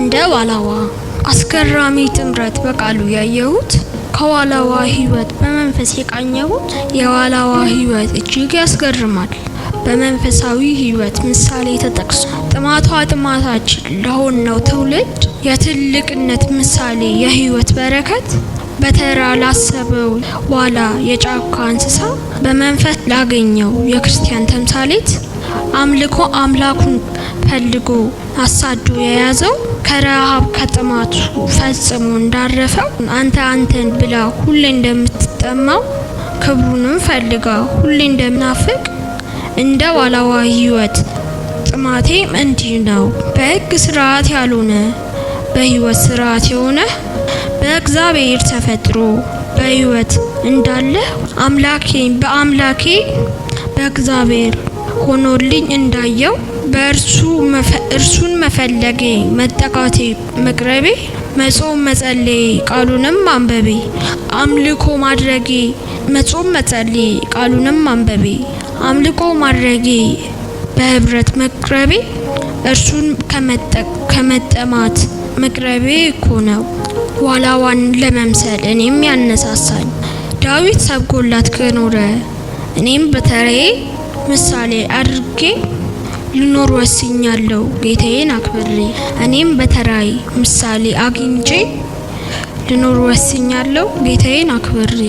እንደ ዋላዋ አስገራሚ ጥምረት በቃሉ ያየሁት ከዋላዋ ህይወት በመንፈስ የቃኘሁት የዋላዋ ህይወት እጅግ ያስገርማል። በመንፈሳዊ ህይወት ምሳሌ ተጠቅሶ ጥማቷ ጥማታችን ለሆነው ትውልድ የትልቅነት ምሳሌ የህይወት በረከት በተራ ላሰበው ዋላ የጫካ እንስሳ በመንፈስ ላገኘው የክርስቲያን ተምሳሌት አምልኮ አምላኩን ፈልጎ አሳዶ የያዘው ከረሃብ ከጥማቱ ፈጽሞ እንዳረፈው አንተ አንተን ብላ ሁሌ እንደምትጠማው ክብሩንም ፈልጋ ሁሌ እንደምናፍቅ እንደ ዋላዋ ህይወት ጥማቴም እንዲህ ነው። በህግ ስርዓት ያልሆነ በህይወት ስርዓት የሆነ በእግዚአብሔር ተፈጥሮ በህይወት እንዳለ አምላኬ በአምላኬ በእግዚአብሔር ሆኖልኝ እንዳየው በእርሱ እርሱን መፈለጌ መጠቃቴ መቅረቤ መጾም መጸሌ ቃሉንም አንበቤ አምልኮ ማድረጌ መጾም መጸሌ ቃሉንም አንበቤ አምልኮ ማድረጌ በህብረት መቅረቤ እርሱን ከመጠማት መቅረቤ እኮ ነው። ዋላዋን ለመምሰል እኔም ያነሳሳኝ ዳዊት ሰብጎላት ከኖረ እኔም በተራዬ ምሳሌ አድርጌ ልኖር ወስኛለሁ ጌታዬን አክብሬ። እኔም በተራይ ምሳሌ አግኝቼ ልኖር ወስኛለሁ ጌታዬን አክብሬ